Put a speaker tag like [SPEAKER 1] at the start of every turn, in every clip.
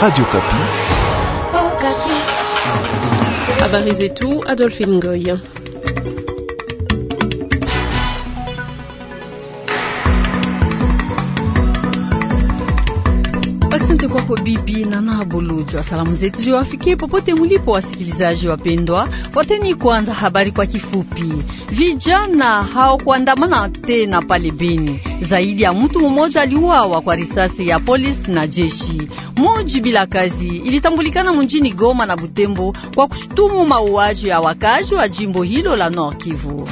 [SPEAKER 1] Radio Kapi.
[SPEAKER 2] Habari tout, Adolphe Ngoy.
[SPEAKER 3] bibi na Nabulujwa, salamu zetu ziwafikie popote mulipo, wasikilizaji wapendwa. Wateni kwanza habari kwa kifupi. Vijana hawakuandamana tena pale Beni, zaidi ya mtu mmoja aliuawa kwa risasi ya polisi na jeshi. Moji bila kazi ilitambulikana mjini Goma na Butembo kwa kushutumu mauaji ya wakazi wa jimbo hilo la Nord Kivu.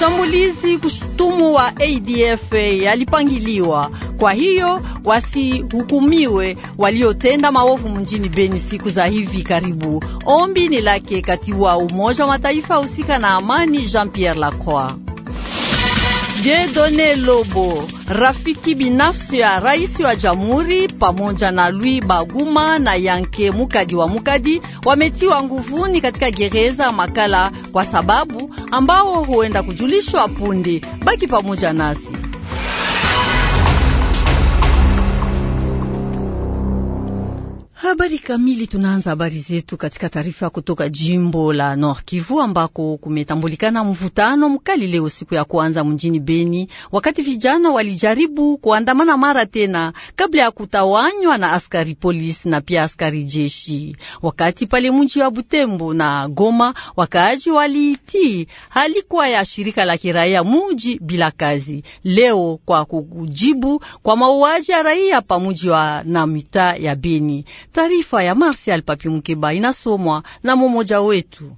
[SPEAKER 3] Shambulizi kushutumu wa ADF yalipangiliwa, kwa hiyo wasihukumiwe waliotenda maovu mjini Beni siku za hivi karibu. Ombi ni lake kati wa Umoja wa Mataifa husika na amani Jean-Pierre Lacroix. Dieudonne Lobo, rafiki binafsi ya rais wa jamhuri, pamoja na Louis Baguma na Yanke Mukadi wa Mukadi wametiwa nguvuni katika gereza Makala kwa sababu ambao huenda kujulishwa punde. Baki pamoja nasi. Habari kamili. Tunaanza habari zetu katika taarifa kutoka jimbo la Nord Kivu ambako kumetambulikana mvutano mkali leo siku ya kwanza mjini Beni, wakati vijana walijaribu kuandamana mara tena kabla ya kutawanywa na askari polisi na pia askari jeshi. Wakati pale mji wa Butembo na Goma, wakaaji waliitii halikuwa ya shirika la kiraia muji bila kazi leo kwa kujibu kwa mauaji ya raia pamuji wa na mitaa ya Beni. Taarifa ya Marsial Papi Mukeba inasomwa na mumoja
[SPEAKER 4] wetu.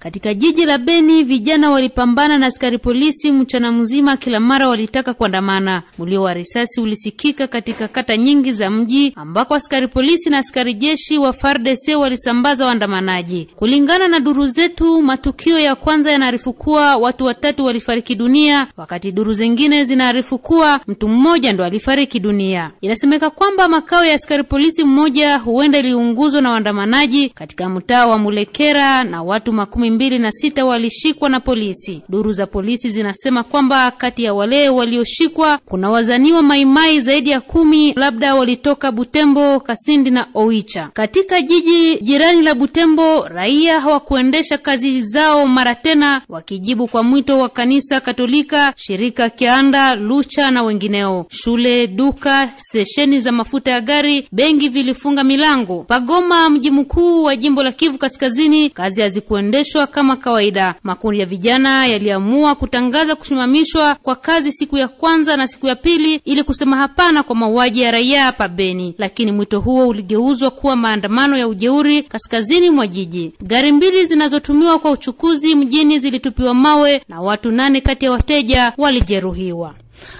[SPEAKER 4] Katika jiji la Beni vijana walipambana na askari polisi mchana mzima, kila mara walitaka kuandamana. Mlio wa risasi ulisikika katika kata nyingi za mji ambako askari polisi na askari jeshi wa FARDC walisambaza waandamanaji. Kulingana na duru zetu, matukio ya kwanza yanaarifu kuwa watu watatu walifariki dunia, wakati duru zingine zinaarifu kuwa mtu mmoja ndo alifariki dunia. Inasemeka kwamba makao ya askari polisi mmoja huenda iliunguzwa na waandamanaji katika mtaa wa Mulekera na watu makumi mbili na sita walishikwa na polisi. Duru za polisi zinasema kwamba kati ya wale walioshikwa kuna wazaniwa maimai zaidi ya kumi, labda walitoka Butembo, Kasindi na Oicha. Katika jiji jirani la Butembo, raia hawakuendesha kazi zao mara tena, wakijibu kwa mwito wa kanisa Katolika, shirika Kianda, Lucha na wengineo. Shule, duka, stesheni za mafuta ya gari, benki vilifunga milango. Pagoma, mji mkuu wa jimbo la Kivu Kaskazini, kazi hazikuendeshwa kusimamishwa kama kawaida. Makundi ya vijana yaliamua kutangaza kusimamishwa kwa kazi siku ya kwanza na siku ya pili ili kusema hapana kwa mauaji ya raia hapa Beni, lakini mwito huo uligeuzwa kuwa maandamano ya ujeuri kaskazini mwa jiji. Gari mbili zinazotumiwa kwa uchukuzi mjini zilitupiwa mawe na watu nane kati ya wateja walijeruhiwa.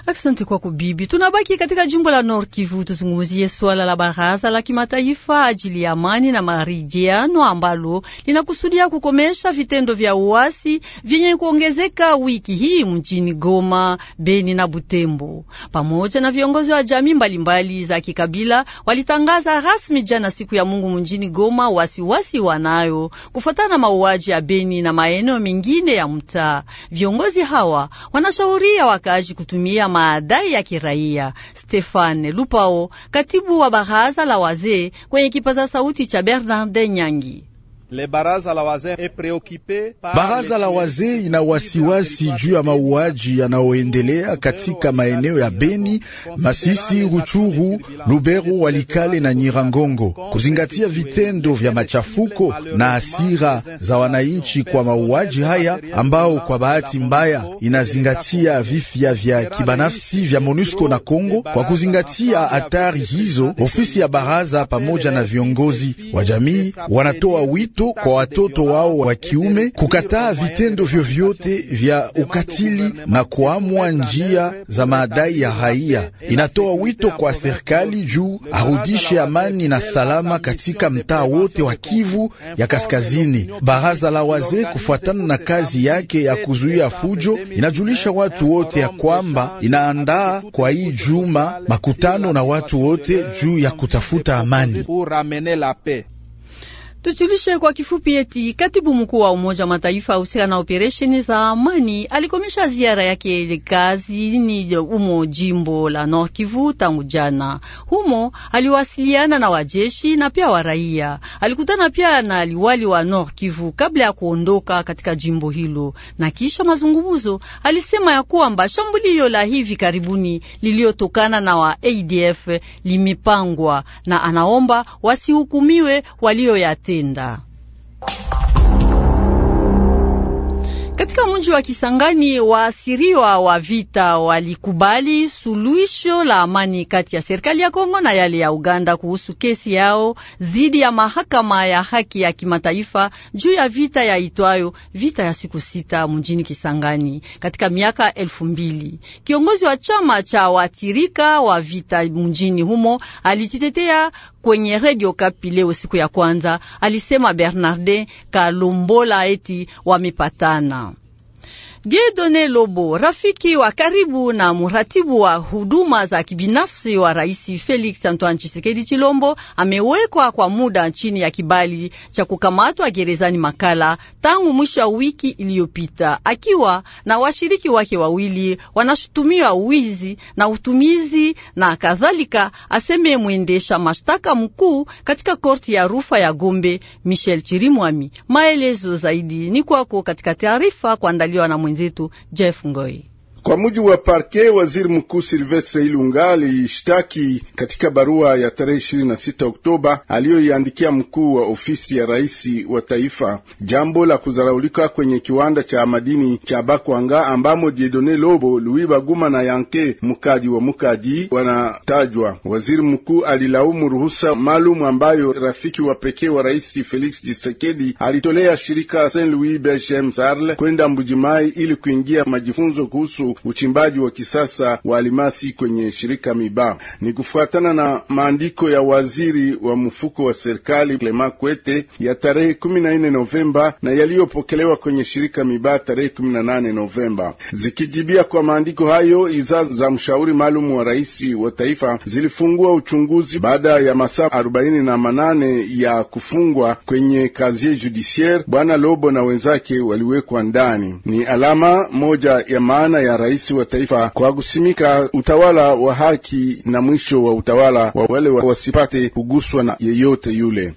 [SPEAKER 4] Asante kwa bibi. Tunabaki katika jimbo la Nord Kivu, tuzungumzie swala
[SPEAKER 3] la baraza la kimataifa ajili ya amani na maridhiano ambalo linakusudia kukomesha vitendo vya uasi vyenye kuongezeka wiki hii mjini Goma, Beni na Butembo. Pamoja na viongozi wa jamii mbalimbali za kikabila walitangaza rasmi jana siku ya Mungu mjini Goma wasiwasi wasi wanayo kufuatana na mauaji ya Beni na maeneo mengine ya mtaa. Viongozi hawa wanashauria wakaaji kutumia kusimamia maadai ya kiraia. Stefan Lupao, katibu wa baraza la wazee, kwenye kipaza sauti cha Bernarde Nyangi.
[SPEAKER 1] Baraza la wazee ina wasiwasi juu ya mauaji yanayoendelea katika maeneo ya Beni, Masisi, Ruchuru, Lubero, Walikale na Nyirangongo, kuzingatia vitendo vya machafuko na asira za wananchi kwa mauaji haya ambao kwa bahati mbaya inazingatia vifya vya kibanafsi vya MONUSCO na Kongo. Kwa kuzingatia hatari hizo, ofisi ya baraza pamoja na viongozi wa jamii wanatoa wito watoto kwa watoto wao wa kiume, kukataa vitendo vyovyote vya ukatili na kuamua njia za madai ya raia. Inatoa wito kwa serikali juu arudishe amani na salama katika mtaa wote wa Kivu ya Kaskazini. Baraza la wazee kufuatana na kazi yake ya kuzuia fujo inajulisha watu wote ya kwamba inaandaa kwa hii juma makutano na watu wote juu ya kutafuta amani.
[SPEAKER 3] Tuchulishe kwa kifupi eti katibu mkuu wa Umoja wa Mataifa husika na operesheni za amani alikomesha ziara yake kazini umo jimbo la Nord Kivu tangu jana. Humo aliwasiliana na wajeshi na pia wa raia. Alikutana pia na liwali wa Nord Kivu kabla ya kuondoka katika jimbo hilo, na kisha mazungumzo alisema ya kwamba shambulio la hivi karibuni liliyotokana na wa ADF limepangwa na anaomba wasihukumiwe walioyate kutenda. Katika mji wa Kisangani waasiriwa wa vita walikubali suluhisho la amani kati ya serikali ya Kongo na yale ya Uganda kuhusu kesi yao dhidi ya mahakama ya haki ya kimataifa juu ya vita ya itwayo vita ya siku sita mjini Kisangani katika miaka elfu mbili. Kiongozi wa chama cha waathirika wa vita mjini humo alijitetea kwenye redio kapile leo siku ya kwanza, alisema bernarde Kalombola eti wamepatana. Diedone Lobo, rafiki wa karibu na muratibu wa huduma za kibinafsi wa Rais Felix Antoine chisekedi Chilombo, amewekwa kwa muda chini ya kibali cha kukamatwa gerezani Makala tangu mwisho wa wiki iliyopita, akiwa na washiriki wake wawili wanashutumiwa wizi na utumizi na kadhalika, aseme mwendesha mashtaka mkuu katika korti ya rufa ya Gombe Michel Chirimwami. Maelezo zaidi ni kwako katika taarifa kuandaliwa na mwenzetu Jeff Ngoi. Kwa mujibu
[SPEAKER 2] wa parke, waziri mkuu Silvestre Ilunga aliishtaki katika barua ya tarehe 26 Oktoba aliyoiandikia mkuu wa ofisi ya rais wa taifa jambo la kuzaraulika kwenye kiwanda cha madini cha Bakwanga ambamo Diedone Lobo, Louis Baguma na Yanke Mukaji wa Mukaji wanatajwa. Waziri mkuu alilaumu ruhusa maalum ambayo rafiki wa pekee wa rais Felix Tshisekedi alitolea shirika Saint Louis BHM Sarl kwenda Mbujimai ili kuingia majifunzo kuhusu uchimbaji wa kisasa wa alimasi kwenye shirika Miba. Ni kufuatana na maandiko ya waziri wa mfuko wa serikali Clement Kwete ya tarehe 14 Novemba na yaliyopokelewa kwenye shirika Miba tarehe 18 Novemba. Zikijibia kwa maandiko hayo, iza za mshauri maalum wa rais wa taifa zilifungua uchunguzi baada ya masaa arobaini na manane ya kufungwa kwenye kazie judiciaire. Bwana Lobo na wenzake waliwekwa ndani, ni alama moja ya maana ya rais wa taifa kwa kusimika utawala wa haki na mwisho wa utawala wa wale wasipate kuguswa na yeyote yule.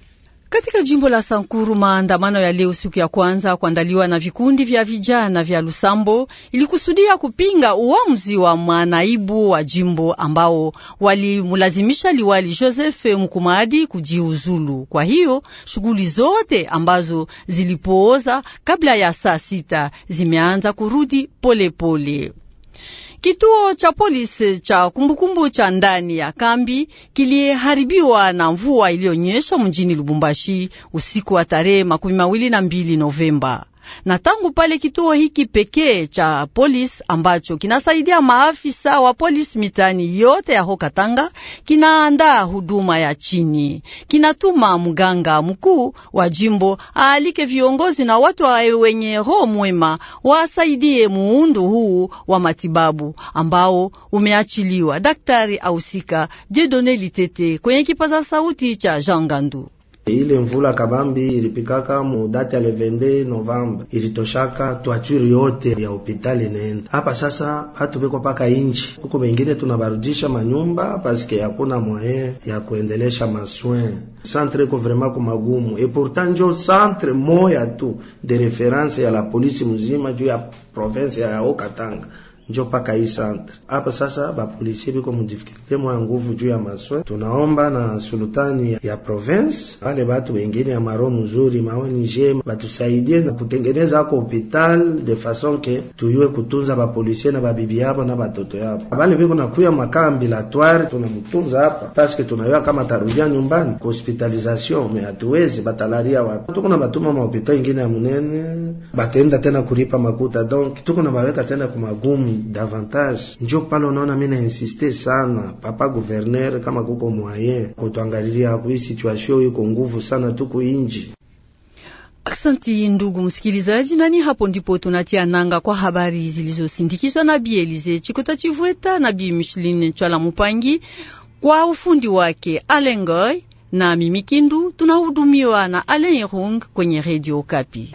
[SPEAKER 3] Katika jimbo la Sankuru maandamano ya leo siku ya kwanza kuandaliwa na vikundi vya vijana vya Lusambo ilikusudia kupinga uamuzi wa mwanaibu wa jimbo ambao walimulazimisha liwali Joseph Mkumadi kujiuzulu. Kwa hiyo shughuli zote ambazo zilipooza kabla ya saa sita zimeanza kurudi polepole pole. Kituo cha polisi cha kumbukumbu cha ndani ya kambi kiliharibiwa na mvua iliyonyesha mjini Lubumbashi usiku wa tarehe makumi mawili na mbili Novemba na tangu pale kituo hiki pekee cha polisi ambacho kinasaidia maafisa wa polisi mitani yote ya Hokatanga kinaandaa huduma ya chini, kinatuma mganga mkuu wa jimbo aalike viongozi na watu wenye roho mwema wasaidie muundo huu wa matibabu ambao umeachiliwa. Daktari Ausika Jedone Litete kwenye kipaza sauti cha Jean Gandu.
[SPEAKER 5] Ile mvula kabambi ilipikaka mu ya le 22 Novembre, ilitoshaka twaturi yote ya hopitali inaenda hapa. Sasa hatu beko paka inji huko, bengine tunabarudisha manyumba paske hakuna moyen ya kuendelesha maswin. Centre iko vraiment ko magumu, et pourtant njo centre moya tu de reference ya la polisi mzima juu ya province ya okatanga njo mpaka hii centre hapa. Sasa bapolisie biko mudifikulte moya nguvu juu ya maswe. Tunaomba na sultani ya province, wale batu wengine ya maro mzuri maoni jema batusaidie na kutengeneza ako hopital de fason ke tuyue kutunza bapolisie na babibi yabo na batoto yabo. Bale biko nakuya makambi la tware tunamutunza hapa paske tunayua kama tarudia nyumbani ku hospitalization, me hatuwezi batalaria wapi. Tuko na batuma mahopitali ingine ya munene, bataenda tena kulipa makuta, donc tuko na baweka tena kumagumu davantage. Njo pale unaona mi nainsiste sana papa gouverneur, kama kuko mwaye kutuangalilia hakuhii situasio iko nguvu sana tuku inji.
[SPEAKER 3] Aksanti ndugu msikilizaji, nani hapo ndipo tunatia nanga kwa habari zilizosindikizwa na Bi Elize Chikota Chivweta na Bi Micheline Chwala Mupangi kwa ufundi wake Alengoy na Mimikindu. Tunahudumiwa na Alen Irung kwenye Radio Kapi.